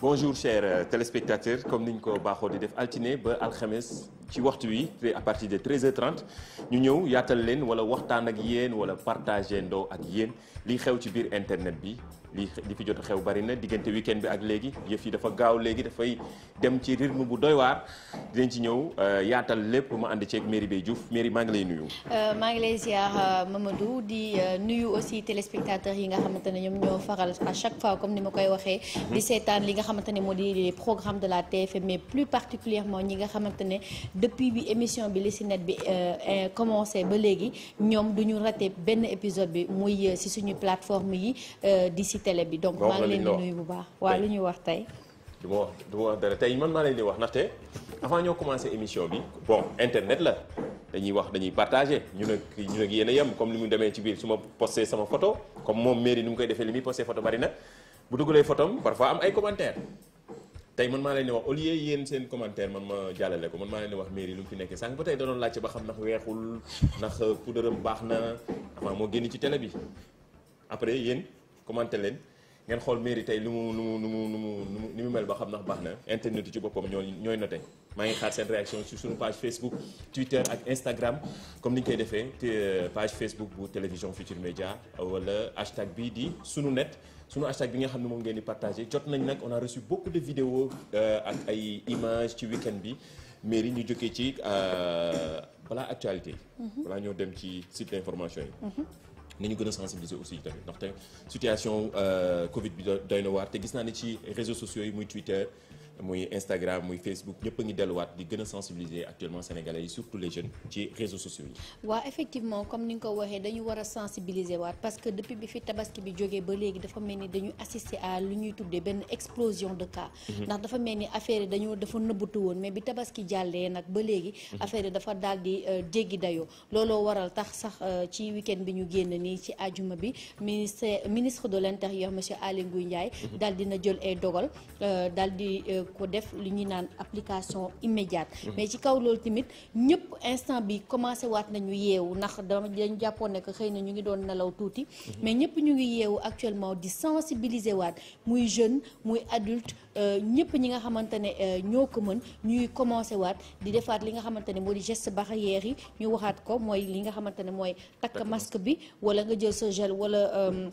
bonjour chers euh, téléspectateurs comme niñ ko baaxoo di def altine ba alxames ci waxtu wi à partir de 13 h ñu ñëw yaatal leen wala waxtaan ak yéen wala partagé ndoo ak yéen li xew ci biir internet bi li li fi jot a xew bari na diggante weekend bi ak léegi yëf yi dafa gaaw léegi dafay dem ci rythme bu doy waar dinañ ci ñëw euh, yaatal lépp ma ànd ceeg Merry Beye Diouf Merry maa ngi lay nuyu. Euh, maa ngi lay ziar euh, Mamadou di nuyu aussi téléspectateurs yi nga xamante ne ñoom ñoo faral chaque fois comme ni ma koy waxee. di mhm. seetaan li nga xamante ne moo di les la TFM mais plus ñi nga xamante ne. depuis bi émission bi li si net bi euh, euh, commencé ba léegi ñoom du ñu raté benn épisode bi muy si euh, suñu plateforme yi di si télé bi donc maa ngi leen di nuyu bu baax waaw lu ñuy wax tey du ma wax du ma wax dara tey man maa leen di wax ndaxte avant ñoo commencé émission bi bon internet la dañuy wax dañuy partagé ñu nag ñu nag yéen a yem comme ni mu demee ci biir su ma posté sama photo comme moom mairie ni mu koy defee li muy posté photo bari na bu dugalee photom parfois am ay commentaires tey man maa leen di wax au lie yéen seen commentaire man ma jàllale ko man maa leen di wax mairie lu mu fi nekkee sànq ba tey da doon laajte ba xam ndax weexul ndax euh, puudaram baax na avant moo génn ci télé bi après yéen commenté leen ngeen xool mairie tey lu mu lu mu lu mu lu mu ni mu mel ba xam ndax baax na internet yi ci boppam ñoo ñooy tey maa ngi xaar seen réaction sur suñu page Facebook Twitter ak Instagram comme ni ñu koy defee te euh, page Facebook bu télévision Futur Média wala hashtag bii di sunu net sunu hashtag bi nga xam ne moom ngeen di partagé jot nañ nag on a reçu beaucoup de vidéos euh, ak ay images ci week-end bi mairie ñu jógee ci balaa euh, actualité balaa mhm. ñoo dem ci site d'information yi mhm. ni ñu gën a aussi tamit ndaxte situation euh, Covid bi doy na waar te gis naa ne ci réseaux sociaux yi muy Twitter muy Instagram muy Facebook ñëpp a ngi delluwaat di gën a sensibiliser actuellement sénégalais yi surtout les jeunes ci réseaux sociaux yi. waaw effectivement comme ni nga ko dañu war a sensibiliser waat parce que depuis bi fi tabaski bi jógee ba léegi dafa mel ni dañu assister à lu ñuy tuddee benn explosion de cas. Mhm. ndax dafa mel ni affaire yi dañoo dafa nëbbatu woon mais bi tabaski jàllee nag ba léegi. Mhm. affaire yi dafa daal di euh, jéggi dayoo looloo waral tax sax euh, ci week bi ñu génn nii ci ajuma bi ministre ministre de l' intérieur monsieur Aly Ngouille Ndiaye. Mhm. daal dina jël ay dogal euh, ko def li ñu naan application immédiate mhm. mais ci kaw loolu tamit ñëpp instant bi commencé waat nañu yeewu ndax dañu jàppoon ne que xëy na ñu ngi doon nelaw tuuti mhm. mais ñëpp ñu ngi yeewu actuellement di sensibiliser waat muy jeune muy adulte euh, ñëpp ñi nga xamante ne euh, ñoo ko mën ñuy commencé waat di defaat li nga xamante ne moo di geste barrière yi ñu waxaat ko mooy li nga xamante ne mooy takk masque bi wala nga jël sa gel wala euh,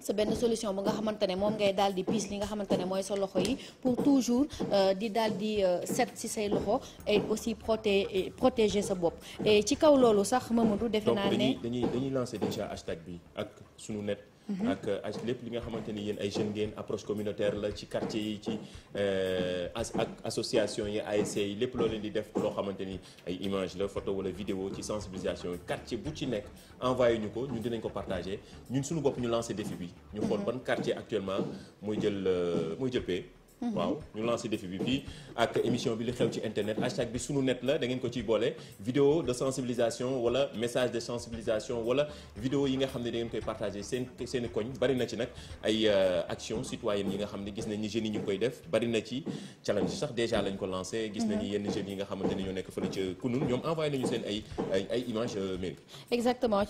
sa benn solution bu nga xamante ne moom ngay daal di piis li nga xamante ne mooy sa loxo yi pour toujours euh, di daal di euh, set si say loxo ay aussi proté protéger sa bopp et ci kaw loolu sax Mamadou defe naa ne dañuy dañuy lancer déjà hashtag bi ak sunu net Mm-hmm. ak euh, ak lépp li nga xamante ni yéen ay jeunes ngeen approche communautaire la ci quartier yi ci euh, ak association yi ay yi lépp loo leen di def loo xamante ni ay image la photo wala vidéo ci sensibilisation yi quartier bu ci nekk envoyé ñu ko ñun dinañ ko partagé ñun suñu bopp ñu lancé défi bi ñu xool mm-hmm. ban quartier actuellement mooy jël euh, mooy jëppee Mhm. waaw ñu lancé défi bi fii ak émission bi li xew ci internet hashtag bi sunu net la da ngeen ko ciy boole vidéo de sensibilisation wala message de sensibilisation wala vidéo yi nga xam ne da koy partagé seen koñ bari na ci nag ay euh, action citoyenne yi nga xam ne gis nañu jeunes yi ñu koy def bari ci challenge sax déjà lañ ko lancé gis nañu mhm. yenn jeunes yi nga xamante ñoo nekk fële ca kunun ñoom envoyé nañu seen ay ay image euh, mairie exactement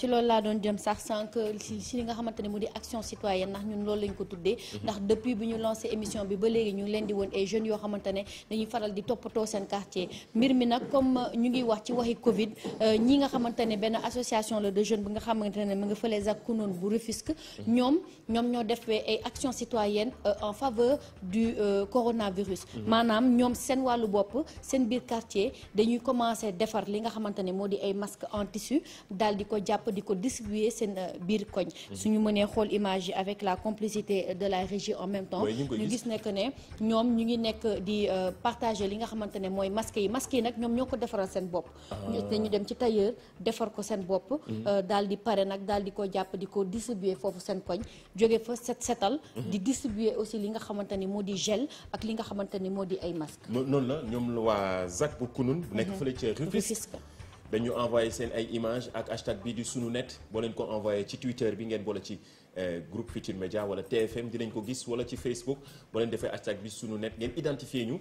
ñu leen di woon ay jeunes yoo xamante ne dañuy faral di toppatoo seen quartier mbir mi nag comme euh, ñu ngi wax ci waxi Covid euh, ñi nga xamante ne benn association la de jeune bi nga xamante ne mu nga fële ZAC Kounoune bu Rufisque ñoom ñoom ñoo def defee ay actions citoyennes euh, en faveur du coronavirus. Mhm. maanaam ñoom seen wàllu bopp seen biir quartier dañuy commencer defar li nga xamante ne moo di ay masques en tissu daal di ko jàpp di ko distribuer seen biir koñ. Mhm. suñu mënee xool image avec la complicité de la régie en même temps. ñu gis ñoom ñu ngi nekk di euh, partager li nga xamante ne mooy masque yi masque yi nag ñoom ñoo ko defaral seen bopp dañu ah. dem ci tailleur defar ko seen bopp mm-hmm. euh, dal di pare nag daal di ko jàpp di ko distribuer foofu seen koñ jóge fa set setal mm-hmm. di distribuer aussi li nga xamante ni moo di gel ak li nga xamante ni moo di ay masque noonu la ñoom waa ZAC bu kunun bu nekk mm-hmm. fële ca Rufisque dañu envoyer seen ay image ak hashtag bii di sunu net boo leen ko envoyé ci Twitter bi ngeen boole ci Eh, groupe Futurs Médias wala TFM dinañ ko gis wala ci Facebook boo leen defee hashtag bi sunu net ngeen identifier ñu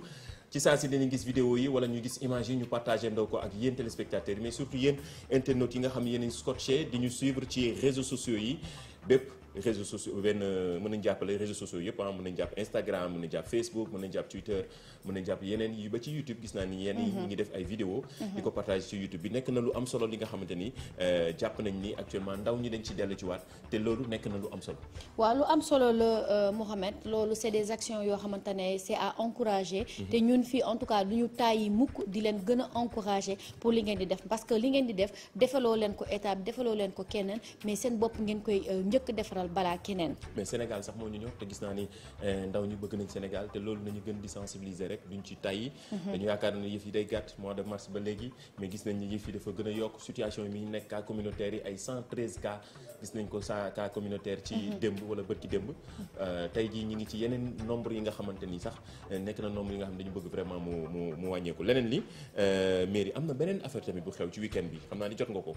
ci saa si dinañ gis vidéo yi wala ñu gis image yi ñu partage ndaw ko ak yéen téléspectateurs mais surtout yéen internautes yi nga xam ne yéen scotché di ñu suivre ci réseaux sociaux yi bépp réseaux sociaux benn mën nañ jàppale réseaux sociaux yëpp ah mën nañ jàpp Instagram mën nañ jàpp Facebook mën nañ jàpp Twitter mën nañ jàpp yeneen yi ba ci YouTube gis naa ni yenn yi mhm. ngi def ay vidéo mhm. di ko partage ci YouTube bi nekk na lu am solo li nga xamante ni euh, jàpp nañ ni actuellement ndaw ñi dañ ci dellu ci waat te loolu nekk na lu am solo waaw lu am solo la euh, Mohamed loolu c'est des actions yoo xamante ne c'est à encourager mhm. te ñun fii en tout cas du ñu tàyyi mukk di leen gën a encourager li ngeen di def parce que li ngeen di def defaloo leen ko état bi leen ko keneen mais seen bopp ngeen koy euh, njëkk defara defaral balaa keneen. mais Sénégal sax moo ñu ñor te gis naa ni eh, ndaw ñu bëgg nañ Sénégal te loolu nañu gën di sensibiliser rek duñ ci tàyyi. Mhm. dañu yaakaar ne yëf yi day gàtt mois de mars ba léegi mais gis nañ ni yëf yi dafa gën a situation yi mi nekk cas communautaire yi ay 113 cas gis nañ ko sa cas communautaire. ci mhm. démb wala bët ci démb. Mhm. Euh, tey jii ñu ngi ci yeneen nombre yi nga xamante ni sax eh, nekk na nombre yi nga xam dañu bëgg vraiment mu mu mu wàññeeku leneen li euh, mairie am na beneen affaire bu xew ci week bi xam naa ni jot nga ko.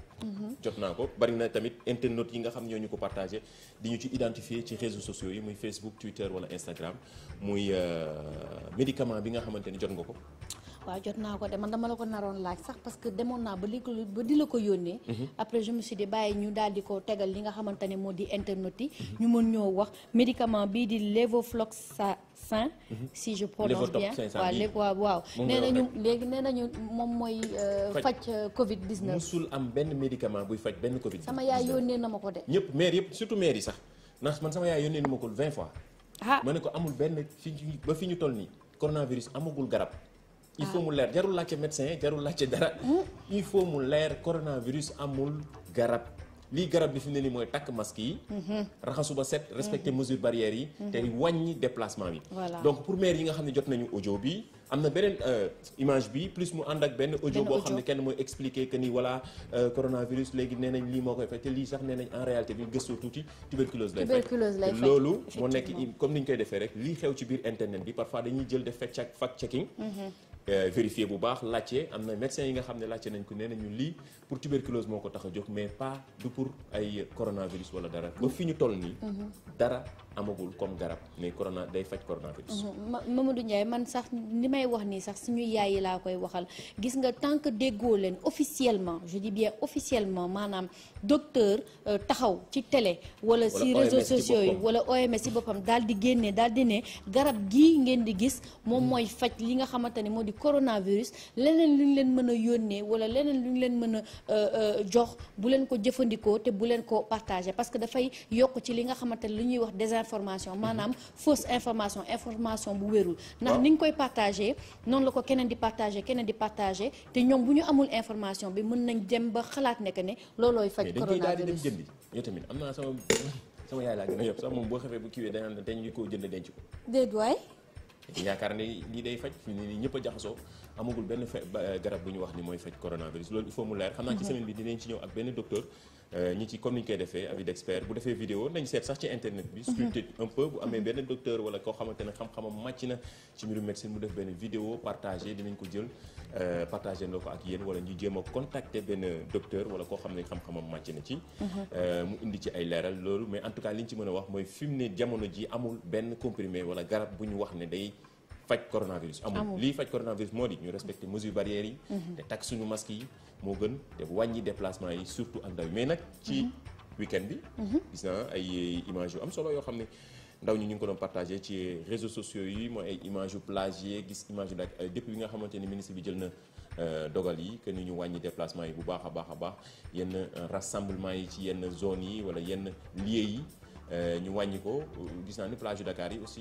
jot naa ko bari na tamit internautes yi nga xam ñoo ko partagé di ñu ci identifier ci réseaux sociaux yi muy Facebook Twitter wala Instagram muy euh, médicament bi nga xamante ni jot nga ko waaw jot naa ko de man dama la ko naroon laaj sax parce que demoon naa ba li di la ko yónnee. Mhm. après je me bàyyi ñu daal di ko tegal li nga xamante ne moo di internet yi. Mhm. ñu mën ñoo wax médicament bii di levofloxacin. Mhm. si je prononce bien waaw waaw waaw. nee nañu léegi nee nañu moom mooy. Euh, faj euh, Covid 19. musul am benn médicament buy faj benn Covid. sama yaay yónnee na ma ko de. ñëpp maire yëpp surtout maire yi sax ndax man sama yaay yónnee na ma ko 20 fois. ah ma ne ko amul benn fi ba fi ñu toll nii coronavirus amagul garab. il faut mu leer jarul laajte médecin jarul laajte dara. il faut mu leer coronavirus amul garab. lii garab bi fi mu ne nii mooy takk masque yi. raxasu ba set respecter mesures barrières yi. te wàññi déplacement bi. donc pour maire yi nga xam ne jot nañu audio bi am na beneen euh, image bi plus mu ànd ak benn audio boo xam ne kenn mooy expliquer que ni voilà euh, coronavirus léegi nee nañ lii moo koy faj te lii sax nee nañ en réalité bi gëstoo tuuti tuberculose lay faj. loolu moo nekk comme ni ñu koy defee rek lii xew ci biir internet bi parfois dañuy jël def fact checking. Mhm. Euh, vérifier bu baax laajte am na médecin yi nga xam ne laajte nañ ko nee nañu lii pour tuberculose moo ko tax a jóg mais pas du pour ay coronavirus wala dara ba fi ñu toll nii. Mhm. dara amagul comme garab mais corona day faj coronavirus. Mhm. Mamadou Ndiaye man sax li may wax nii sax suñu yaay yi laa koy waxal gis nga tant que déggoo leen officiellement je dis bien officiellement maanaam docteur euh, taxaw ci télé. wala si réseaux sociaux yi wala OMS si boppam daal di génne daal di ne garab gii ngeen di gis moom mhm. mooy faj li coronavirus leneen lu ñu leen mën a yónnee wala leneen lu ñu leen mën a euh, euh, jox bu leen ko jëfandikoo te bu leen ko partagé parce que dafay yokk ci li nga xamante ne lu ñuy wax désinformation maanaam fausse information information bu wérul ndax ni ñu koy partagé noonu la ko keneen di partagé keneen di partagé te ñoom bu ñu amul information bi mën nañ dem ba xalaat ne que ne loolooy faj coronavirus yow tamit am naa sama sama yaay laa gën a yëpp moom boo xefee bu kiiwee dañ am na dañ ñu koo jënd denc yaakaar ne lii day faj fi ni ñëpp jaxasoo amagul benn fe garab bu ñu wax ni mooy faj coronavirus loolu il faut mu leer xam naa ci mhm. semaine bi dinañ ci ñëw ak benn docteur euh, ñi ci comme ni koy defee avis d'expert bu defee vidéo nañ seet sax ci internet bi mhm. sculpté un peu bu amee benn docteur wala koo xamante ne xam-xamam màcc na ci mbirum médecine mu def benn vidéo partagé dinañ ko jël Euh, partagé na ko ak yéen wala ñu jéem a contacter benn docteur wala koo xam ne xam-xamam màcc na ci. Euh, mu indi ci ay leeral loolu mais en tout cas li ñu ci mën a wax mooy fi mu ne jamono ji amul benn comprimé wala garab bu ñu wax ne day. faj coronavirus amul lii faj coronavirus moo di ñu respecté mesure barrières yi mhm. te takk suñu masque yi moo gën te wàññi déplacement yi surtout ak ndaw mais nag ci mhm. week bi mhm. gis naa ay image yu am solo yoo xam ne ndaw ñi ñu ngi ko doon partagé ci réseaux sociaux yi mooy ay image yu plagié gis image yu euh, like depuis bi nga xamante ni ministre bi jël na euh, dogal yi que ñu wàññi déplacement yi bu baax a baax a baax yenn euh, rassemblement yi ci yenn zone yi wala yenn lieux yi Euh, ñu wàññi ko gis naa ni plage yu Dakar yi aussi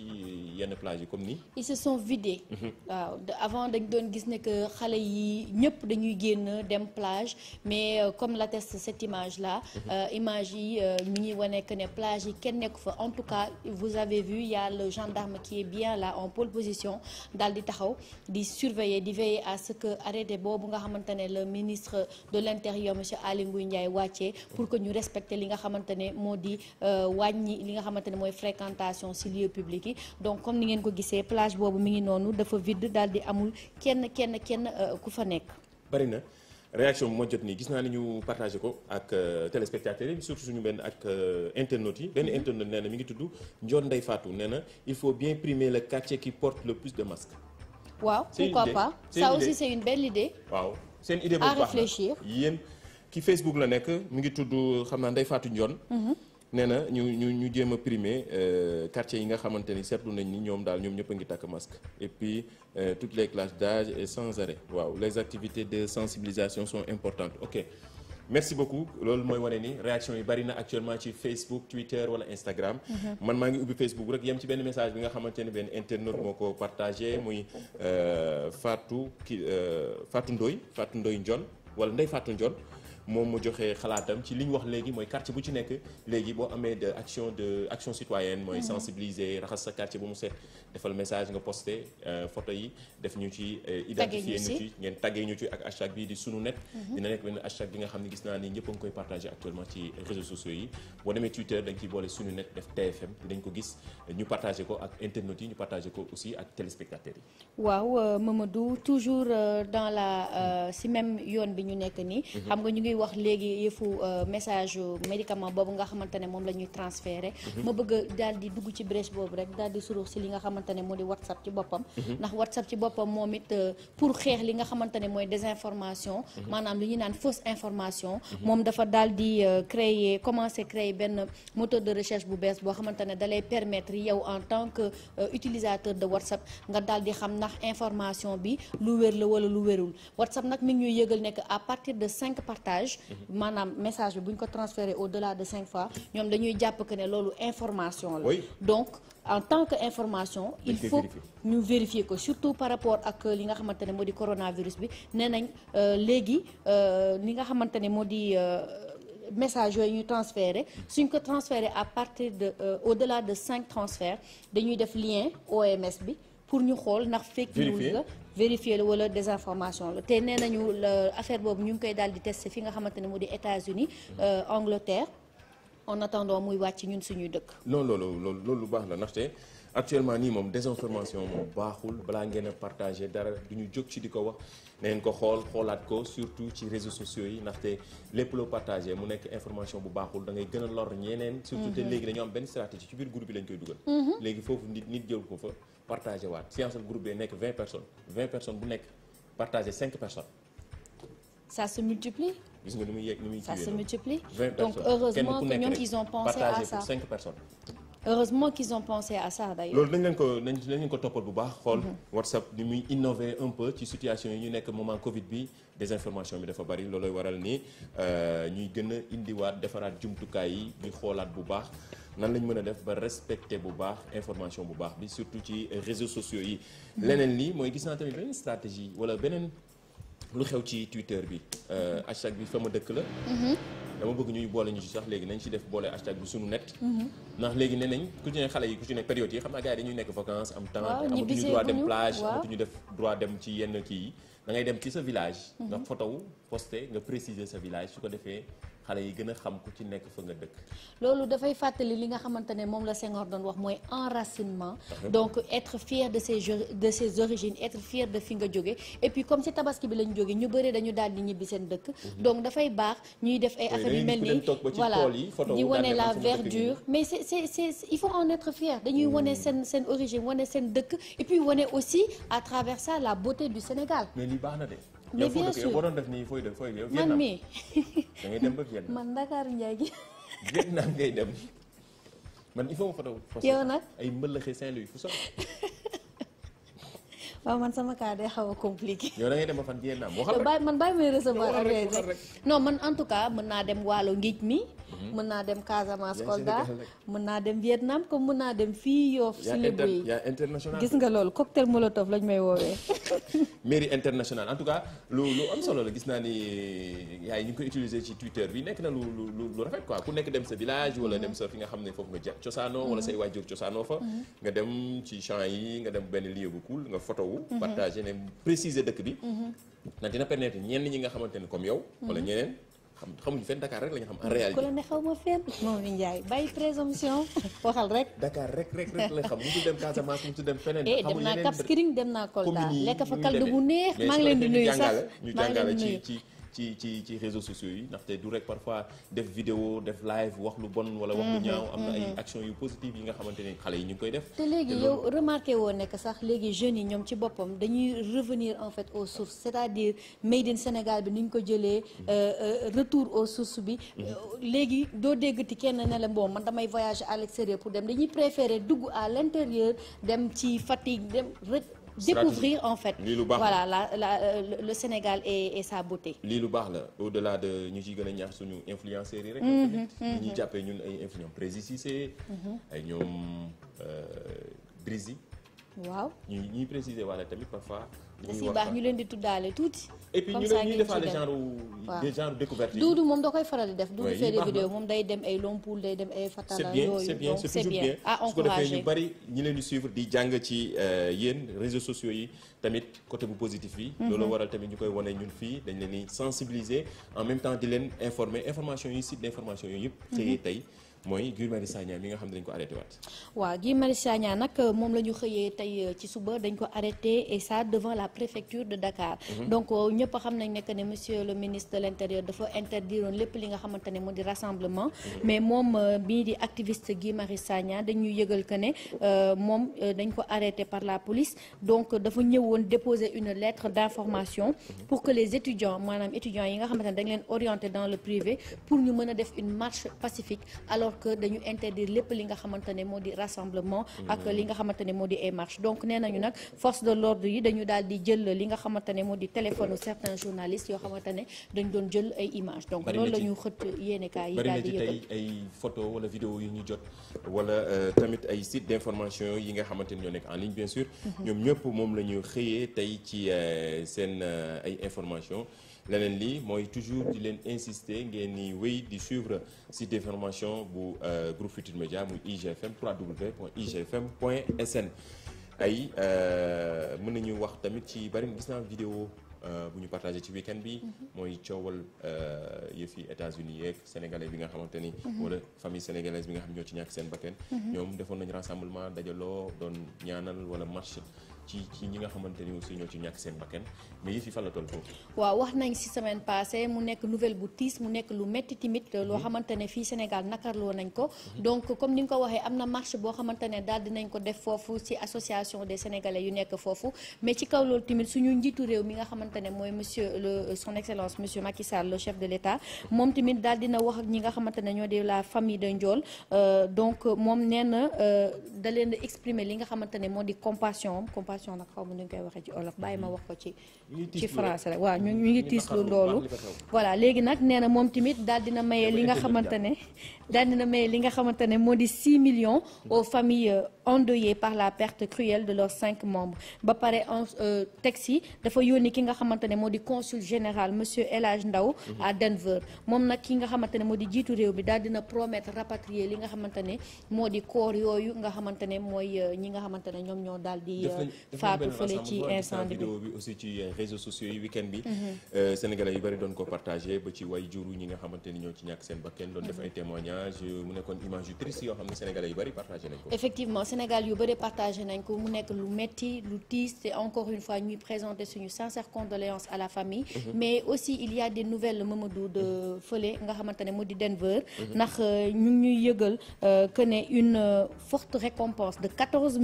yenn plage yi comme nii. ils se sont vidés. Mhm. waaw avant dañ doon gis ne que xale yi ñëpp dañuy génn dem plage mais euh, comme l'atteste cette image là. Mhm. Euh, image yi ñu ngi wane que ne plage yi kenn nekku fa en tout cas vous avez vu il y a le gendarme qui est bien là en pole position daal di taxaw di surveiller di veiller à ce que arrêté boobu nga xamante ne le ministre de l'intérieur monsieur Aly Ngouille Ndiaye wàcce pour que ñu respecter li nga xamante ne moo di wàññi li nga xamante ne mooy fréquentation ci lieu public yi donc comme ni ngeen ko gisee plage boobu mi ngi noonu dafa vide daal di amul kenn kenn kenn euh, ku fa nekk. bari na réaction bi moo jot nii gis naa ni ñu partagé ko ak euh, téléspectateurs yi surtout suñu benn ak euh, internautes yi. benn internaute nee na mi ngi tudd Ndiol Ndeye faatu nee na il faut bien primer le quartier qui porte le plus de masques. waaw pourquoi pas ça aussi c'est une belle idée. waaw seen idée bu baax la à réfléchir la nekk mi ngi tudd xam naa Ndeye Fatou Ndiol. Mhm. nee na ñu ñu ñu jéem a primer euh, quartier yi nga xamante ni seetlu nañ ni ñoom daal ñoom ñëpp a ngi takk masque et puis euh, toutes les classes d'âge et sans arrêt waaw les activités de sensibilisation sont importantes ok merci beaucoup loolu mooy wane ni réaction yi bari na actuellement ci Facebook Twitter wala Instagram. Mhm. man maa ngi ubbi Facebook rek yem ci benn message bi nga xamante ne benn internaute moo ko partagé muy euh, Fatou ki euh, Fatou Ndoye Fatou Ndoye Ndiol wala Ndeye Fatou Ndiol. moom mu joxe xalaatam ci li ñu wax léegi mooy quartier bu ci nekk léegi boo amee de action de action citoyenne mooy mhm. sensibiliser raxas sa quartier bu mu set defal message nga posté euh, photo yi def ñu ci euh, identifier ñu ci ngeen taggee ñu ci ak hashtag bi di sunu net mhm. dina nekk benn hashtag bi nga xam ne gis naa ni ñëpp a ngi koy partagé actuellement ci réseaux sociaux yi boo demee Twitter da nga boole sunu net def TFM dinañ ko gis ñu partagé ko ak internautes yi ñu partagé ko aussi ak téléspectateurs yi waaw euh, Mamadou toujours dans la si même yoon bi ñu nekk nii mhm. xam nga ñu ngi wax léegi yëfu message médicament boobu nga xamante ne moom la ñuy transféré mhm. ma bëgg daal di dugg ci brèche boobu rek daal di surux si xamante ne moo di WhatsApp ci boppam mhm. ndax WhatsApp ci boppam moom it euh, pour xeex li nga xamante ne mooy désinformation mhm. maanaam li ñu naan fausse information mhm. moom dafa daal di euh, créer commencer créer benn moteur de recherche bu bees boo xamante ne dalay permettre yow en tant que euh, utilisateur de WhatsApp nga daal di xam ndax information bi lu wér la wala lu wérul WhatsApp nag mi ngi ñuy yëgal nekk à partir de cinq partages maanaam message bi bu ñu ko transféré au delà de cinq fois ñoom dañuy jàpp que loolu information la en tant que information il faut ñu vérifier ko surtout par rapport ak euh, li nga xamante ne moo di coronavirus bi nee nañ euh, léegi euh, li nga xamante ne moo di message yooyu ñu transféré suñ ko transféré à partir de au-delà de cinq transferts dañuy def lien OMS bi pour ñu xool ndax fekk news la vérifier la wala désinformation la te nee nañu affaire boobu ñu ngi koy daal di tester fi nga xamante ne moo di États-Unis Angleterre en attendant muy wàcc ñun ñuy dëkk. non loolu loolu loolu lu baax la ndaxte actuellement nii moom désinformation moom baaxul balaa ngeen a dara du ñu jóg ci di ko wax na ko xool xoolaat ko surtout ci réseaux sociaux yi ndaxte lépp loo partagé mu nekk information bu baaxul da ngay gën a lor ñeneen. surtout te mhm. léegi dañoo am benn stratégie ci biir groupe bi lañ koy dugal. Mhm. léegi foofu nit nit jël ko fa partagé waat science groupe bi nekk 20 personnes 20 personnes bu nekk partagé 5 personnes. ça gis nga ni muy yegg ni muy ça se multiplie donc heureusement que ñoom ils loolu nañ leen ko nañ leen ko toppal bu baax xool mhm. WhatsApp ni muy innover un peu ci situation yi ñu nekk moment Covid bi désinformation bi dafa bari loolooy waral ni euh, ñuy gën indiwaat defaraat jumtukaay yi ñuy xoolaat bu baax nan lañ mën a def ba respecter bu baax information bu baax bi surtout ci réseau sociaux yi mhm. leneen lii mooy gis naa tamit beneen stratégie wala beneen lu xew ci Twitter bi euh, hashtag bi sama dëkk la. Mhm. dama bëgg ñuy boole ñu ci sax léegi nañ si def boole hashtag bi sunu net. Mhm. ndax léegi nee nañ ku ci ne xale yi ku ci ne période yi xam naa gars yi dañuy nekk vacances am temps. amatuñu droit dem plage amatuñu def droit dem ci yenn kii yi. da dem ci sa village. Mhm. nga photo posté nga préciser sa village su ko defee. xale yi gën a xam ku ci nekk fa nga dëkk. loolu dafay fàttali li nga xamante ne moom la Senghor doon wax mooy enracinement. Ah donc être fier de ses de ses origines être fier de nga jóge et comme si tabaski bi lañ jóge ñu bëri dañu daal di ñibbi seen dëkk. Mhm. donc dafay baax ñuy def ay affaires yu mel nii voilà di wane la verdure mais c'est c'est c'est il faut dañuy mhm. wane seen seen origine wane seen dëkk et puis wone aussi à travers ça la beauté du Sénégal. mais na mais bien sûr man mii da dem ba Vietnam man Dakar Ndiaye gi. Vietnam ngay dem man il faut ma photo. yow nag ay mbëllëxee Saint-Louis fu soxla. waaw man sama cas day xaw a compliqué. yow da dem ba fan Vietnam waxal rek man bàyyi may recevoir. non man en tout cas mën naa dem waalo ngij ni Mhm. mën naa dem Casamance Kolda mën naa dem Vietnam comme mën naa dem fii Yoff si Libreville yaa gis nga loolu cocktail molotov lañ may woowee mairie internationale en tout cas lu lu am solo la gis naa ni yaay ñu ngi utiliser ci Twitter bi nekk na lu lu lu rafet quoi ku nekk dem sa village wala mhm. dem sa fi nga xam ne foofu nga jàpp cosaanoo wala mhm. say waajur cosaanoo fa nga dem ci champs yi nga dem benn lieu bu cool nga photo wu partager ne préciser dëkk bi nag dina permettre ñenn ñi nga xamante ne comme yow wala ñeneen xam xamuñu fenn Dakar rek lañu xam en réalité. ku la ma fenn moom Ndiaye bàyyi présomption waxal rek. Dakar rek rek rek la xam musu dem Casamance musu dem feneen. Eh, xamuñu dem naa Cap Skirring dem naa Kolda lekk fa kaldu bu neex. maa ngi leen di nuyu sax maa ngi leen ci ci ci réseaux sociaux yi ndaxte du rek parfois def vidéo def live wax lu bon wala wax lu mhm. ñaaw am na ay mhm. action yu positive yi nga xamante ne xale yi ñu ngi koy def te léegi yow remarqué woon nekk sax léegi jeunes yi ñoom ci boppam dañuy revenir en fait au sources c'est-à-dire made in Sénégal bi ni ñu ko jëlee mhm. euh, euh, retour au sources bi euh, léegi doo déggati kenn ne la bon man damay voyager à l'extérieur pour dem dañuy préférer dugg à l'intérieur dem ci Fatick dem découvrir en fait lii lu baax voilà la la euh, le Sénégal et et sa beauté lii lu baax la au delà de ñu ciy gën a ñaax suñu influenceurs yi rek ñi mhm, mhm. ñuy jàppee ñun ay influence Prési Cissé mhm. ay ñoom Brésil euh, waaw ñu ñuy préciser wala tamit parfois da siy baax ñu leen di tuddaale tuuti. et puis ñu leen ñuy defaale genre genre découverte yi. Duudu moom da koy faral di def. Duudu fait des vidéos moom day dem ay Lompoul day dem ay Fatala. yooyu c'est bien c'est toujours bien à su ko defee ñu bari ñi leen di suivre di jàng ci euh, yéen réseaux sociaux yi tamit côté bu positif yi. Mhm. loolu waral tamit ñu koy wane ñun fii dañ leen di sensibiliser en même temps di leen informé information yi site d'information yooyu yëpp. Mhm. xëyee tey mooy Guy Marius Sagna nga xam ne dañ ko arrêté nag euh, moom la ñu xëyee tey euh, ci suba dañ ko arrêté et ça devant la préfecture de Dakar. Mhm. donc euh, ñëpp xam nañ nekk ne monsieur le ministre de l' intérieur dafa interdiroon lépp li nga xamante ne moo di rassemblement. Mhm. mais moom bii di activiste Guy Marius Sagna dañu yëgal que ne moom dañ ko arrêté par la police donc dafa ñëwoon déposer une lettre d' information mhm. pour que les étudiants maanaam étudiants yi nga xamante ne dañ leen orienté dans le privé pour ñu mën a une marche pacifique alors que dañu interdire lépp li nga xamante ne moo di rassemblement ak mm-hmm. li nga xamante ne moo di ay marche donc nee nañu nag force de l'ordre yi dañu daal di jël li nga xamante ne moo di téléphone certains journalistes yoo xamante ne dañ doon jël ay images donc loolu la ñu xët yéene kaay yi daal di ay photo wala vidéo yi ñu jot wala euh, tamit ay site d'information yi nga xamante ne ñoo nekk en ligne bien sûr mm-hmm. ñoom ñëpp moom la ñu xëyee tey ci euh, seen euh, ay information leneen lii mooy toujours di leen insister ngeen ni wéy di suivre site d'information bu euh, groupe Futurs Médias muy IGFM sn ay mën nañu wax tamit ci bari gis naa vidéo euh, bu ñu partagé ci weekend bi mm-hmm. mooy coowal euh, yëf yi États-Unis yeeg sénégalais bi nga xamante ni mm-hmm. wala famille sénégalaise bi nga xam ñoo ci ñàkk seen bakkan mm-hmm. ñoom defoon nañu rassemblement dajaloo doon ñaanal wala marché ci ci ñi nga xamante ni aussi ñoo ci ñàkk seen bakkan mais yëf yi fan la foofu. waaw wax nañ ci semaine passée mu nekk nouvelle bu tiis mu nekk lu metti tamit mhm. loo xamante ne fii Sénégal nakarloo nañ ko mhm. donc comme ni nga ko waxee am na marche boo xamante ne daal dinañ ko def foofu ci association des sénégalais yu nekk foofu mais ci kaw loolu tamit suñu njiitu réew mi nga xamante ne mooy monsieur le son excellence monsieur Macky Sall le chef de l'État moom tamit daal dina wax ak euh, euh, ne moo di compassion occupation nag xaw ma nu ñu koy waxee ci olof bàyyi ma mm-hmm. wax ko ci ci français rek waaw ñu ñu ngi tiislu loolu voilà léegi nag nee na moom tamit daal dina maye li nga xamante ne daal dina maye li nga xamante ne moo di 6 million au familles euh, endeuillées par la perte cruelle de leurs cinq membres ba pare en euh, texte yi dafa yónni ki nga xamante ne moo di consul général monsieur El ndaw Ndao mm-hmm. à Denver moom nag ki nga xamante ne moo di jiitu réew bi daal dina promettre rapatrier li nga xamante ne moo di corps yooyu nga xamante ne mooy euh, ñi nga xamante ne ñoom ñoo daal di faatu fële ci incendie bi aussi ci euh, réseaux sociaux yi week bi mhm. euh, sénégalais yu bëri doon ko partagé ba ci way juru ñi nga xamante ni ñoo ci ñàkk seen bakkan doon def mhm. ay témoignages euh, mu nekkoon image yu triste yoo xam ne sénégalais yu bëri partagé nañ ko mu nekk lu metti lu tiis encore une fois ñuy présenter suñu sincère condoléance à la famille mhm. mais aussi il y a des nouvelles Mamadou de fële nga xamante ne Denver ndax ñu ngi ñuy yëgal que ne une forte récompense de 14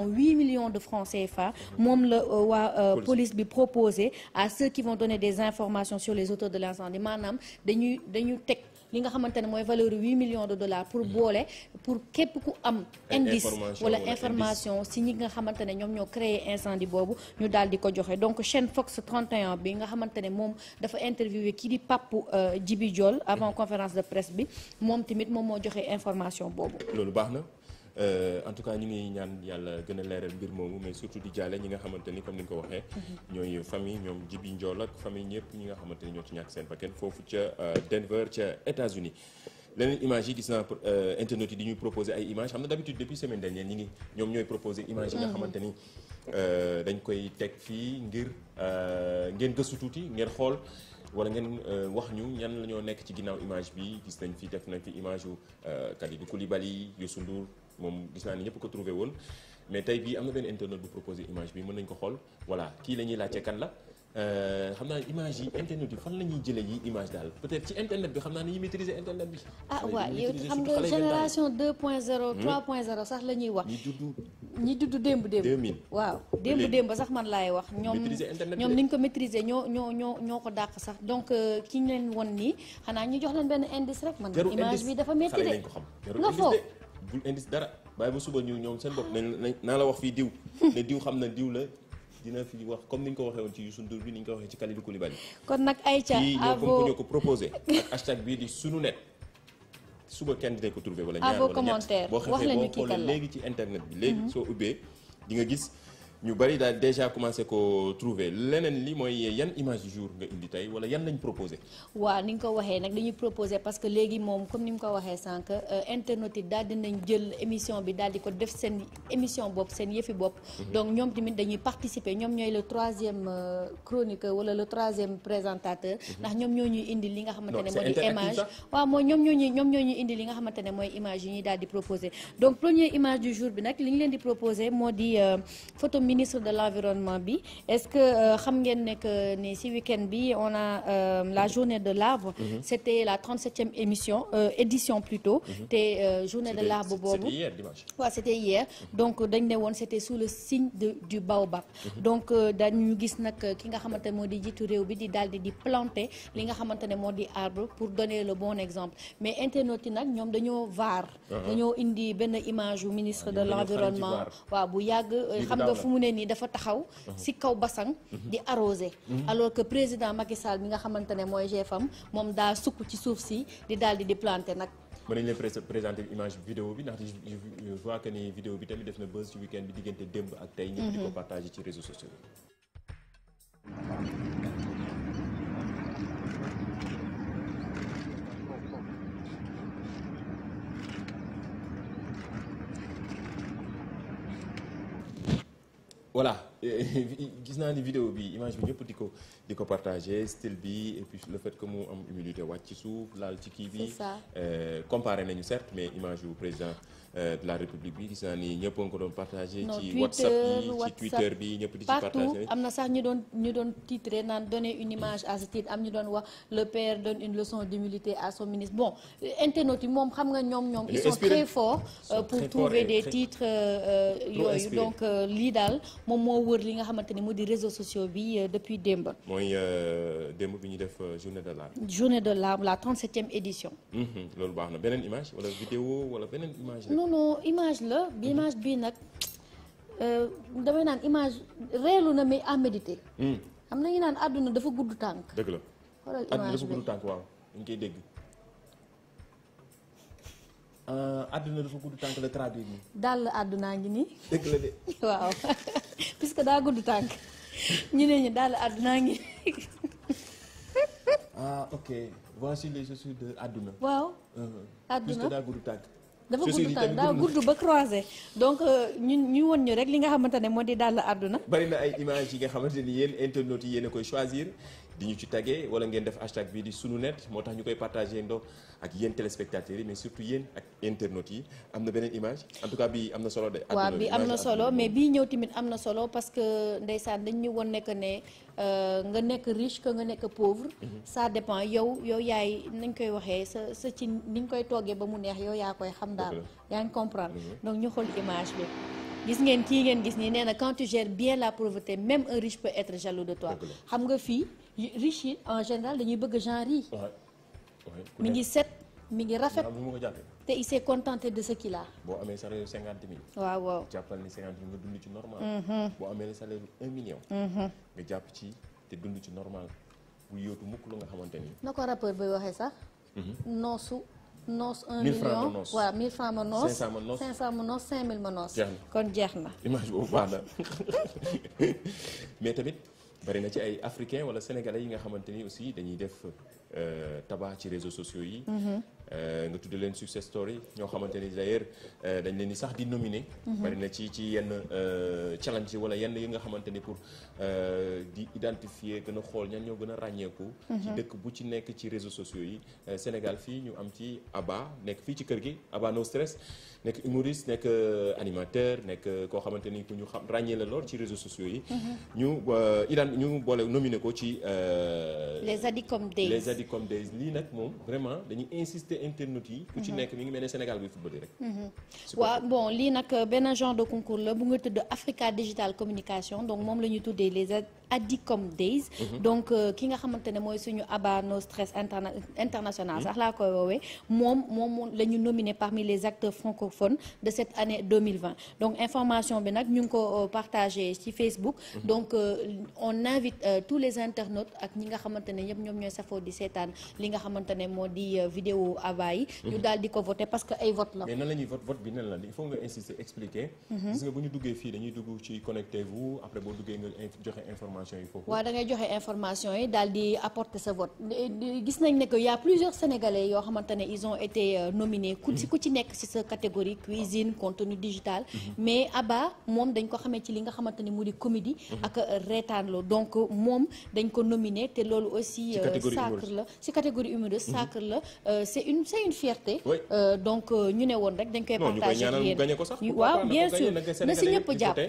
environ huit millions de francs CFA moom la euh, waa euh, police bi proposé à ceux qui vont donner des informations sur les auteurs de l'incendie maanaam dañuy dañu teg li nga xamante ne mooy valeur huit millions de dollars pour mm-hmm. boole pour képp ku am indice wala information si ñi nga xamante ne ñoom ñoo créé incendie boobu ñu daal di ko joxe donc chaîne Fox 31 bi nga xamante ne moom dafa interviewé ki di Pape euh, jibi Diol avant mm-hmm. conférence de presse bi moom tamit moom moo joxe information boobu loolu baax Euh, en tout cas ñu ngi ñaan yàlla gën a leeral mbir moomu mais surtout di jaale ñi nga xamante ni comme ni nga ko waxee. Mhm. ñooy famille ñoom Jibi Njool ak famille ñëpp ñi nga xamante ni ñoo ci ñàkk seen bakkan foofu ca euh, Denver ca États-Unis leneen image yi gis naa euh, internet yi di ñu proposer ay image xam na d'habitude depuis semaine dernière ñi ngi ñoom ñooy proposer mhm. dañ koy teg fii ngir ngeen gëstu tuuti ngeen xool wala ngeen wax ñu ñan la ñoo nekk ci ginnaaw image bi gis nañ fi def nañ fi image yu Kalidou Koulibaly Youssou Ndour moom gis naa ni ñëpp ko trouvé woon mais tey bii am na benn internet bu proposé image bi mën nañ ko xool voilà kii la ñuy laajte kan la euh, xam naa image yi internet fan la ñuy jëlee yi image daal être ci internet bi xam naa ni ñu maîtriser internet bi. ah waaw yow xam nga génération hmm? sax la ñuy wax. ñi juddu ñi juddu démb démb. 2000 waaw démb démb man laay wax. ñoom ñoom ni ñu ko maitriser ñoo ñoo ñoo ñoo ko dàq sax donc euh, ki ñu leen won nii xanaa ñu jox leen benn indice rek man. image bi dafa métti de nga foofu. bu indi dara bàyyi ba suba ñu ñoom seen bopp nañ naa la wax fii diw ne diw xam na diw la dina fi wax comme ni ñu ko waxee woon ci Youssou Ndour bi ko waxee ci Kalidou Koulibaly kon nag Aïcha avo kii ñoo ko ñoo ko proposé ak hashtag bii di sunu net suba kenn dina ko trouvé wala ñaar wala ñett boo xefee boo xoolee léegi ci internet bi léegi mhm. soo ubbee di nga gis ñu bari daal déjà commencé ko trouver leneen li mooy yan image du jour nga indi tey wala yan lañ proposé. waaw ni nga ko waxee nag dañuy proposé parce que léegi moom comme ni mu ko waxee sànq euh, internet yi daal dinañ jël émission bi daal di ko def seen émission bopp seen yëfi bopp. Mhm. donc ñoom tamit dañuy participer ñoom ñooy le troisième euh, chroniqueur wala le troisième présentateur. Mhm. ndax ñoom ñoo ñuy indi li nga xamante ne mooy image waaw mooy ñoo ñuy ñoom ñoo ñuy indi li nga ne mooy image yi ñuy daal di proposé donc bi li leen di proposé moo di euh, ministre de l'environnement bi est-ce que euh, xam ngeen nekk ni si week bi on a euh, la journée de l'arbre mm-hmm. c'était la 37e émission euh, édition plutôt mm-hmm. te journée de l'arbre boobu waaw c'était hier mm-hmm. donc dañ ne woon c'était sous le signe de baw ba donc dañu gis nag ki nga xamante ne moo di jitu réew bi di daldi di planter li nga xamante ne moo di arbre pour donner le bon exemple mais internautes yi nag ñoom dañoo vaar uh-huh. dañoo indi benn image yu ministre ah, de l'environnement waaw ne nii dafa taxaw si kaw basang di arrosé alors que président Macky Sall bi nga xamante ne mooy GFM moom daa sukk ci suuf si di daal di di planté nag mën nañu leen présenter image vidéo bi ndaxte je vois que ni bi tamit def na buzz ci week bi diggante démb ak tey ñëpp di ko mhm. partagé ci réseaux sociaux voilà gis naa ni vidéo bi image bi ñëpp di ko di ko partagé style bi et puis le fait que mu am humilité wàcc ci suuf laal ci kii bi e comparé nañu certes mais image yu président Euh, de la république bi gis naa ni ñëpp a ngi ko doon partagé. ci whatsapp bi ñëpp di ci partagé. am na sax ñu doon ñu doon titré naan donner une image à ce titre am ñu doon wax le père donne une leçon d'humilité à son ministre bon euh, internautes yi moom xam nga ñoom ñoom. ils sont très forts euh, pour trouver des titres yooyu donc lii daal moom moo wër li nga xamante ni mu di réseaux sociaux bi depuis démb. mooy démb bi ñu def journée de l'arme. journée de l'arme la 37e édition. Mhm, loolu baax na beneen image wala vidéo wala beneen image. non image la bi mhm. image bii nag euh, damay naan image reelu na mais à méditer. Hmm. na ñu naan àdduna dafa gudd tànk. dëgg la xoolal image àdduna dañ koy dégg. Euh, àdduna dafa gudd tànk la traduire nii. daal àddunaa ngi nii. dëgg la de. waaw puisque daa gudd tànk ñu ne ñu daal àddunaa ngi. ah ok voici les chaussures de àdduna. waaw. Euh, àdduna daa gudd tànk. dafa gudd tànk daa ba croisé donc euh, ñun ñu woon ñu rek li nga xamante ne moo di dàll àdduna bari na ay image yi nga xamante ni yéen internautes yéen a koy choisir di ñu ci taggee wala ngeen def hashtag bii di sunu net moo tax ñu koy partagé ndo ak yéen téléspectateurs yi mais surtout yéen ak internautes yi am na beneen image en tout cas bi am na solo de. waaw bi am na solo mais bii ñëw tamit am na solo parce que ndeysaan dañ ñu woon nekk ne euh, nga nekk riche que nga nekk pauvre. sa mhm. dépend yow yow yaay nañ koy waxee sa sa ni niñ koy toggee ba mu neex yow yaa koy xam daal. yaa ngi comprendre mhm. donc ñu xool image bi. gis ngeen kii ngeen gis nii nee na quand bien la pauvreté même un riche peut être jaloux de toi xam nga fii riche yi en général dañuy bëgg genre yi mi ngi set mi ngi rafet te il s'est contenté de ce qu'il a boo amee salaire cinquante mille waaw waaw jàppal ni nga ci normal mm-hmm. boo mm-hmm. jàpp ci te dund ci normal bu yóotu mukk lu nga xamante ni na ko rappeur bay waxee sax mm-hmm. noosu noos 1 million waaw 1000 francs ma noos 500 ma noos 500 ma noos 5000 na noos kon jeex na image boobu baax na mais tamit bari na ci ay africain wala sénégalais yi nga xamante ni aussi dañuy def euh, tabac ci réseaux sociaux yi mm-hmm. Euh, nga tudde leen success story ñoo xamante ni d'ailleurs euh, dañ leen di sax di nominer mhm. bari na ci ci yenn euh, challenge wala yenn yi nga xamante ni pour di identifier gën a xool ñan ñoo gën a ràññeeku mhm. ci dëkk bu ci nekk ci réseau sociaux yi Sénégal fii ñu am ci Aba nekk fii ci kër gi Aba No Stress nekk humoriste nekk animateur nekk koo xamante ni ku ñu xam ràññee la lool ci réseau sociaux yi mhm. ñu idan ñu boole nominer ko ci les Adicom Days les Days lii nag moom vraiment dañuy insister internet yi. ku ci mhm. nekk mi ngi mel ne Sénégal bi football yi rek. Mhm. waaw bon lii nag benn genre de concours la bu nga tudd Africa Digital Communication donc moom la ñuy tuddee Adicom Days. Mhm. donc euh, ki nga xamante ne mooy suñu Abba No Stress interna international sax mhm. laa koy woowee moom moom la ñu nominé parmi les acteurs francophones de cette année donc information bi nag ñu ngi ko euh, partagé ci mhm. euh, ñi nga xamante ne ñëpp ñoom ñooy safoo di seetaan li nga xamante ne moo di vidéo Abba yi. ñu daal di ko voté parce que ay vote la. mais nan la vote vote bi nan la il faut nga insister expliquer. gis nga bu ñu duggee fii dañuy dugg ci connectez-vous après boo duggee information yi foofu. waaw da ngay joxe information yi daal di apporter sa vote gis nañ ne que a plusieurs sénégalais yoo xamante ne ils ont été euh, nominés. ku ci mhm. ku ci nekk ci sa catégorie cuisine ah. contenu digital. Mhm. mais Abba moom dañ ko xamee ci li nga xamante mu di comédie. Mhm. ak euh, reetaanlo donc euh, moom dañ ko nominé te loolu aussi. sacre la ci catégorie humide sacre la c' une fierté. donc ñu ne woon rek dañ koy. partagé ak yéen ko sax. waaw bien sûr na si ñëpp jàpp.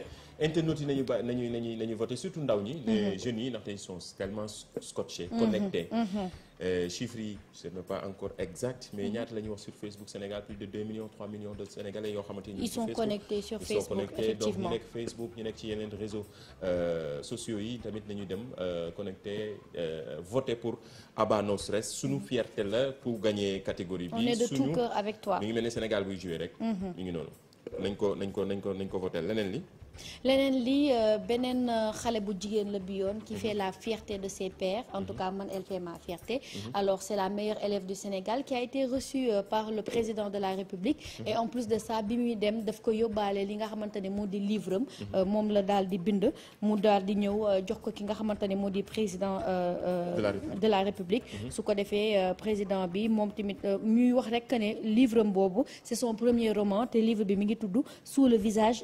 internautes yi nañu ba nañu nañu nañu voté surtout ndaw ñi. les mhm. jeunes yi ndaxte ils sont tellement scotchés. connectés. Mhm. Mhm. Euh, chiffres yi ce n'est pas encore exact mais ñaata la ñuy wax sur Facebook Sénégal plus de 2 millions 3 millions de Sénégalais yoo xamante ni. ils sont connectés sur Facebook ils sont ñu nekk Facebook ñu nekk ci yeneen réseaux euh, sociaux yi tamit nañu dem euh, connecté voté pour Abba No Stress sunu fierté la pour gagner catégorie bi. on mi ngi mel ne Sénégal buy joué rek. mi ngi noonu nañ ko nañ ko nañ ko nañ ko voté leneen li. leneen lii euh, beneen euh, xale bu jigéen la bi yoon fait la fierté de ses pairs en tout cas man elle fait ma fierté mhm. alors c'est la meilleure élève du Sénégal qui a été reçue euh, par le président de la République mhm. et en plus de sa bi muy dem daf ko yóbbaale li nga xamante ne moo di livre mhm. moom la daal di bind mu daal di ñëw jox ko ki nga xamante ne moo di président de la République su ko defee président bi moom tamit ñuy wax rek ne livre boobu c'est son premier roman livre bi mi ngi tudd visage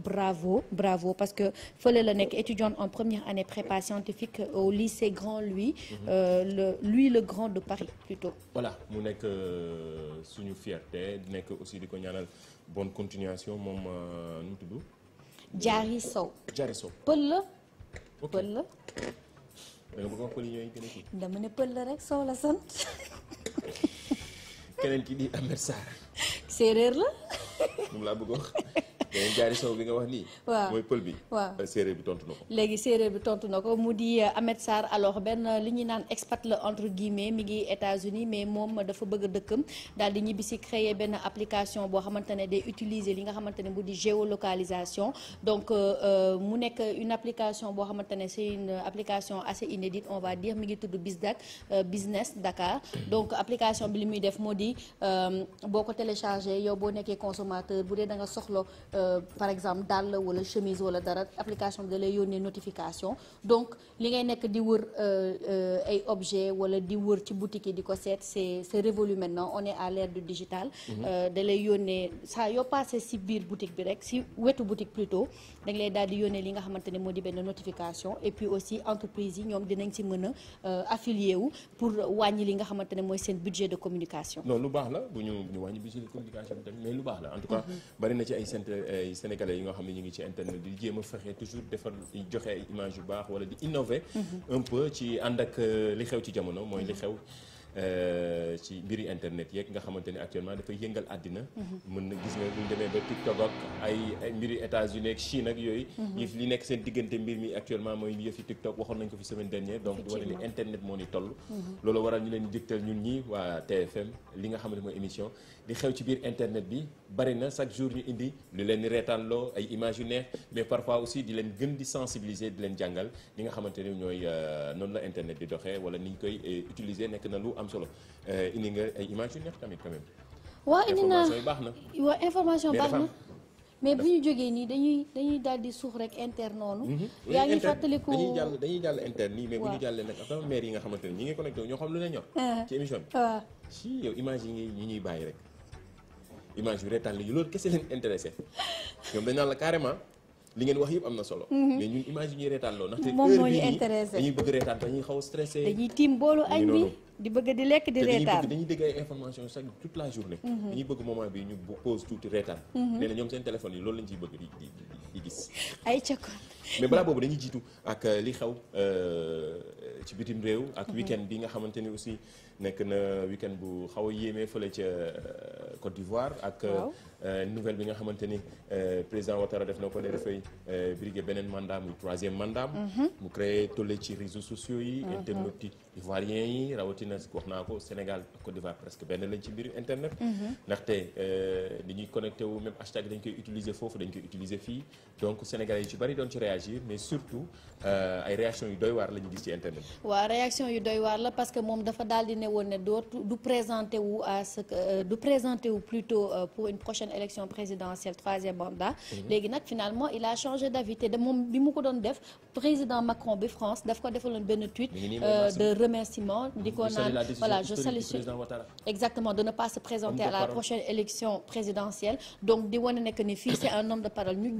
bravo bravo parce que fële la nekk étudiante en première année prépa scientifique euh, au lycée Grand Louis mhm. euh, le Louis le Grand de Paris plutôt voilà mu nekk euh, suñu fierté nekk aussi di ko ñaanal bonne continuation moom nu mu tudd Diary la pël la da nga a kii la rek Sow la sant keneen ki di Amer Sarr la moom laa bëgg beneen jaari sow bi nga wax nii. mooy pël bi. Euh, séeréer bi tontu na ko. léegi séeréer bi tontu na ko mu di euh, Ahmed Sarr alors benn euh, li ñuy naan expat la entre guillemets mi ngi États-Unis mais moom dafa bëgg a dëkkam daal di ñibbi si benn application boo xamante ne day utiliser li nga xamante ne mu di géolocalisation donc mu nekk une application boo xamante ne c'est une application assez inédite on va dire mi ngi tudd Bizdak business Dakar donc application bi li muy def moo di boo ko téléchargé yow boo nekkee consommateur bu dee da nga soxla. Euh, par exemple dàll wala chemise wala dara application bi da lay yónnee notification donc li ngay nekk di wër euh, euh, ay objet wala di wër ci boutique yi di ko seet c'est c'est révolu maintenant on est à l'ère de digital mhm. da lay yónnee saa yoo si biir boutique bi rek si wetu boutique plutôt dañ lay daal di yónnee li nga xamante ne moo di benn notification et puis aussi entreprise yi ñoom dinañ si mën a affilié wu pour wàññi li nga xamante ne mooy seen budget de communication non lu baax la bu ñu lu baax la ay sénégalais yi nga xam ne ñu ngi ci internet di jéem a fexe toujours defar joxe ay image yu baax wala di innover mhm. un peu ci ànd ak euh, li xew ci jamono mooy li mhm. xew Euh, ci mbiri internet yeeg nga xamante ni actuellement dafay yëngal àddina mën na gis nga bu ñu demee ba TikTok ak ay mbiri États-Unis ak Chine ak yooyu mhm. li nekk seen diggante mbir mi actuellement mooy yëfi TikTok waxoon nañ ko fi semaine dernière donc di wane ni internet moo ni toll mhm. loolu waral ñu leen dégtal ñun ñi waa TFM li nga xamante mooy émission di xew ci biir internet bi bari na chaque jour ñu indi lu leen reetaanloo ay images yu neex mais parfois aussi di leen gën di sensibiliser di leen jàngal li nga xamante ni ñooy euh, noonu la internet di doxee wala ni koy euh, utiliser nekk na lu am solo eh, indi nga ay images yu neex tamit quand même. waaw indi naa information baax na. waaw information baax na mais bu ñu jógee nii dañuy dañuy daal di suux rek inter noonu. Mhm. yaa ngi fàttaliku dañuy jàll dañuy jàll inter nii mais bu ñu jàllee nag sama maire yi nga xamante ne ñi ngi connecté ñoo xam lu ne ñor. Ah. ci émission bi waaw. si yow image yi ñu ñuy bàyyi rek image yu reetaan loolu kese leen intéressé ñoom dañ naan la carrément. li ngeen wax yëpp am na solo. Mhm. moom moo ñu intéressé dañuy reetaan dañuy a stressé. di bëgg di lekk di reetaan dañuy dégg ay information chaque toute la journée mhm. dañuy bëgg moment bi ñu pause tuuti reetaan mhm. nee na ñoom seen téléphone yi loolu lañ ciy bëgg di gis ay cakkoon mais balaa boobu dañuy jiitu ak euh, li xew euh, ci bitim réew ak mhm. week bi nga xamante ni aussi nekk na week bu xaw a yéemee fële ca euh, Côte d'Ivoire ak Euh, nouvelle bi nga xamante ni euh, président Ouattara def na ko ne dafay euh, briguer beneen mandat muy troisième mandat mhm. mu créé tolle ci réseaux sociaux yi mhm. internautes yi ivoiriens yi rawatina wax naa ko Sénégal ak Côte mhm. ñuy connecté wu même dañ koy utiliser foofu dañ koy utiliser fii donc Sénégalais yi ci bari doon ci réagir mais surtout ay réaction yu doy waar la parce que moom dafa daal di ne woon ne du présenté du présenté plutôt pour une prochaine prochaine élection présidentielle troisième mandat. Mhm. léegi nag finalement il a changé d'avis te de moom bi mu ko doon def président Macron bi France daf ko defaloon benn tweet euh, de remerciement di ko naan voilà je salue exactement de ne pas se présenter à la prochaine élection présidentielle donc di wane nekk ni fii c'est un homme de parole ñu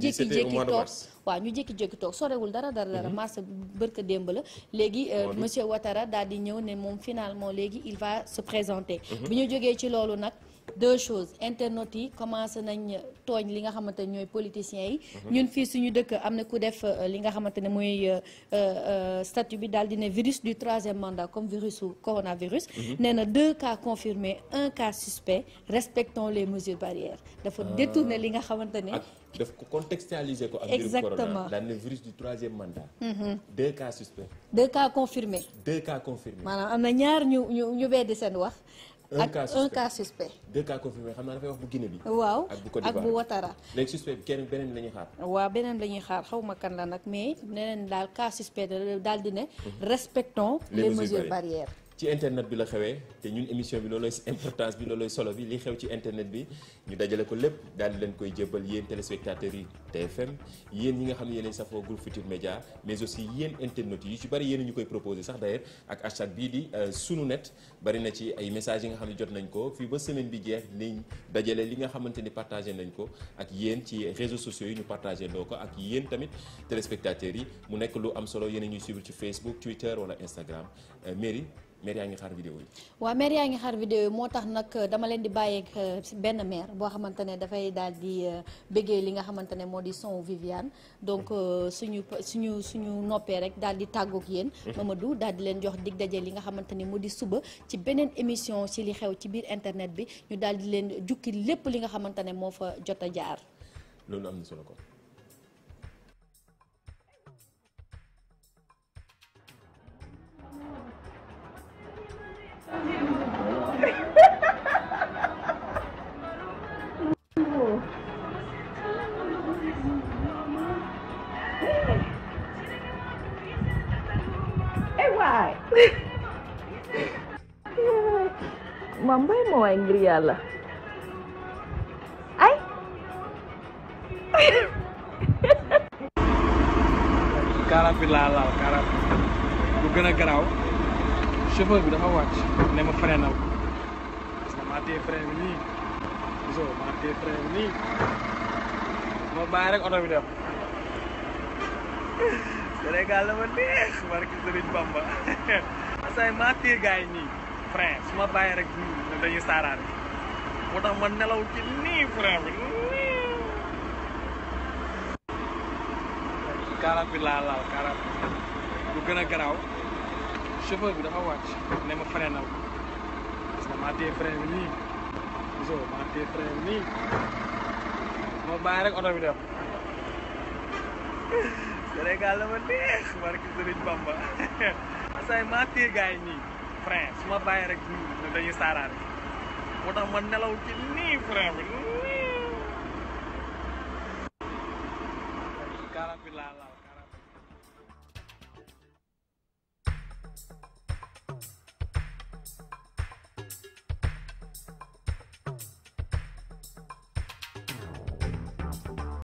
jékki-jékki toog sorewul dara dara dara mhm. mars bërka démb la léegi euh, monsieur Ouattara daal di ñëw ne moom finalement deux choses internautes yi commencé nañ tooñ li nga xamante ne ñooy politiciens yi. Mhm. ñun fii suñu dëkk am na ku def euh, li nga xamante ne mooy euh, euh, statut bi daal di ne virus du troisième mandat comme virus su coronavirus. Mhm. nee na deux cas confirmés un cas suspect respectons les mesures barrières. dafa ah. détourner li nga xamante ne. daf ko contextualiser ko. ak virus corona daan ne virus du troisième mandat. Mhm. deux cas suspects. maanaam am na ñaar ñu ñu ñu seen wax. ak un cas suspect deux cas confirmés xam naa dafay wax bu Guinée bi. waaw ak bu Ouattara. léegi suspect bi kenn beneen la ñuy xaar. waaw beneen la ñuy xaar xaw ma kan la nag mais neneen daal cas suspect daal di ne. Mhm. respectons les mesures barrières. ci internet bi la xewee te ñun émission bi loolooy importance bi loolooy solo li xew ci internet bi ñu dajale ko lépp daal di leen koy jébbal yéen téléspectateurs yi TFM yéen ñi nga xam ne yéen safoo groupe Média mais aussi yéen internautes yi yu ci bëri ñu koy proposé sax d'ailleurs ak hashtag bii di euh, net bari na ci ay messages yi nga xam ne jot nañ ko fii ba semaine bi jeex nañ dajale li nga xamante ni partagé nañ ko ak yéen ci réseaux sociaux yi ñu partagé ndoo ko ak yéen tamit téléspectateurs yi mu nekk lu am solo yéen ñuy suivre ci Facebook Twitter wala Instagram euh, mairie maire yaa ngi xaar vidéo yi. waaw maire yaa ngi xaar vidéo yi moo tax nag euh, dama leen di bàyyeeg euh, benn maire boo xamante ne dafay daal di euh, bëggee li nga xamante ne moo di son Viviane donc mm-hmm. suñu suñu suñu noppee rek daal di tàggoog yéen. Mm-hmm. Mamadou daal di leen jox dig daje li nga xamante ne moo di suba ci beneen émission ci li xew ci biir internet bi ñu daal di leen jukki lépp li nga xamante ne moo fa jot a jaar. loolu ko mamay mo angry yala. Ay! kaarab bi laa laal kaarab bu gën a garaaw chauffeur bi dafa wàcc ne ma freinal parce que maa bi nii gisoo maa rek oto bi dem Sénégal la ma neex barki Sëriñ Bamba asay maa téye gars yi nii frein su ma rek dañuy saaraan moo tax ma nelaw ci nii frein bi nii. garab bi laa laal garab bi gën a garaaw chauffeur bi dafa wàcc ne ma frein bi nii gisoo maa frein bi nii ma bàyyi rek oto bi dem. Sénégal la ma neex barki Sëriñ Bamba. asaay maa téye gars yi nii. frein su ma bàyyi rek dañuy saaraat moo tax ma nelaw ci nii frein bi